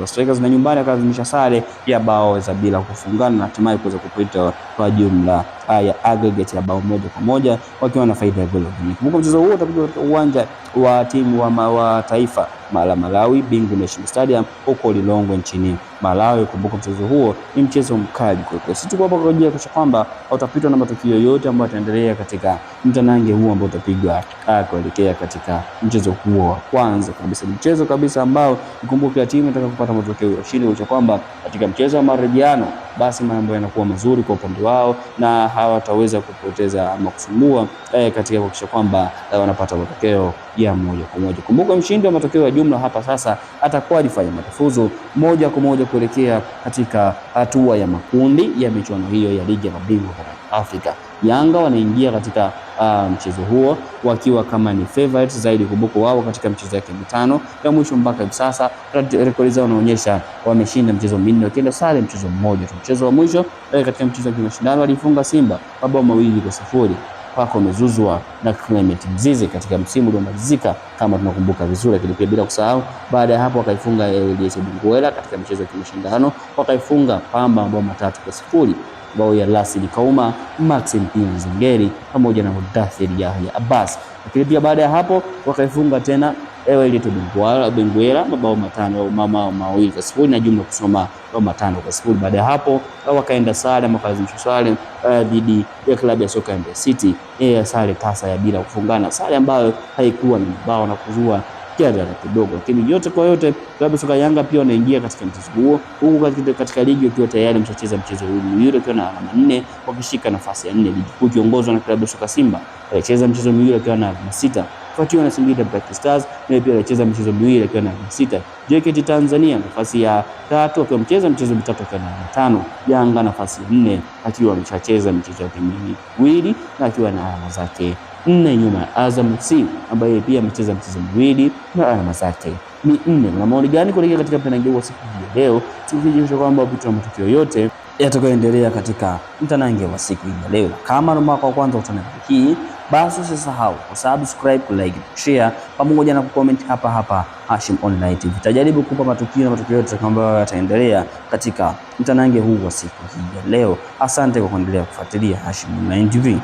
za Strikers na nyumbani akalazimisha sare ya bao za bila kufungana na hatimaye kuweza kupita kwa jumla ah, ya aggregate ya bao moja kwa moja wakiwa na faida ya goli. Kumbuka mchezo huo utapigwa katika uwanja wa timu wa, wa taifa la Malawi Bingu National Stadium huko Lilongwe nchini Malawi. Kumbuka mchezo huo ni mchezo mkali kwa kweli, situkuwa hapa kwa ajili ya kuhakikisha kwamba utapitwa na matukio yote ambayo yataendelea katika mtanange huo ambao utapigwa ah, kuelekea katika mchezo huo wa kwanza kabisa. Ni mchezo kabisa ambao ikumbuke, timu kupata matokeo ya ushindi kwamba katika mchezo wa marejeano basi mambo yanakuwa mazuri kwa upande wao na hawataweza kupoteza ama kusumbua eh, katika kuhakikisha kwamba eh, wanapata matokeo ya moja kwa moja. Kumbuka mshindi wa matokeo ya jumla hapa sasa atakuwa alifanya matafuzo moja kwa moja kuelekea katika hatua ya makundi ya michuano hiyo ya ligi ya mabingwa barani Afrika. Yanga wanaingia katika uh, mchezo huo wakiwa kama ni favorite zaidi kubuko wao katika michezo yake mitano ya mwisho mpaka hivi sasa. Rekodi zao inaonyesha wameshinda mchezo minne wakienda sare mchezo mmoja tu. Mchezo wa mwisho eh, katika mchezo wa kimashindano walifunga Simba mabao mawili kwa sifuri mpaka umezuzwa na Clement Mzize katika msimu uliomalizika kama tunakumbuka vizuri. Lakini pia bila kusahau, baada ya hapo wakaifunga LDS eh, Bunguela katika michezo ya kimashindano, wakaifunga Pamba mabao matatu kwa sifuri bao ya Lasili Kauma, Maxim Pia Zengeri pamoja na Mudathir Yahya Abbas. Lakini pia baada ya hapo wakaifunga tena ewe ile tu Benguela Benguela mabao matano au mama mawili kwa sifuri na jumla kusoma mabao matano kwa sifuri. Baada ya hapo wakaenda sare ama kalazimisha sare eh, dhidi uh, ya klabu ya soka ya Mbeya City, yeye sare tasa ya bila kufungana, sare ambayo haikuwa ni mabao na kuzua kiadhara kidogo, lakini yote kwa yote klabu soka Yanga pia wanaingia katika mchezo huo, huku katika, katika ligi wakiwa tayari mshacheza mchezo huu miwili wakiwa na alama nne wakishika nafasi ya nne, ligi kuu ikiongozwa na klabu soka Simba alicheza mchezo miwili akiwa na alama sita kufuatiwa na Singida Black Stars naye pia alicheza michezo miwili akiwa na sita. JKT Tanzania nafasi ya tatu akiwa amecheza michezo mitatu akiwa na tano. Yanga nafasi ya nne akiwa ameshacheza michezo yake miwili na akiwa na alama zake nne nyuma ya Azam FC ambaye pia amecheza mchezo miwili na alama zake ni nne. Na maoni gani kuelekea katika mtanange wa siku hii leo? Tukijulisha kwamba vitu na matukio yote yatakayoendelea katika mtanange wa siku ya leo. Kama ni mwaka wa kwanza utanana hii, basi usisahau kusubscribe, kulike, share pamoja na kucomment hapa hapa Hashim Online TV. Tutajaribu kupa matukio na matukio yote ambayo yataendelea katika mtanange huu wa siku hii ya leo. Asante kwa kuendelea kufuatilia Hashim Online TV.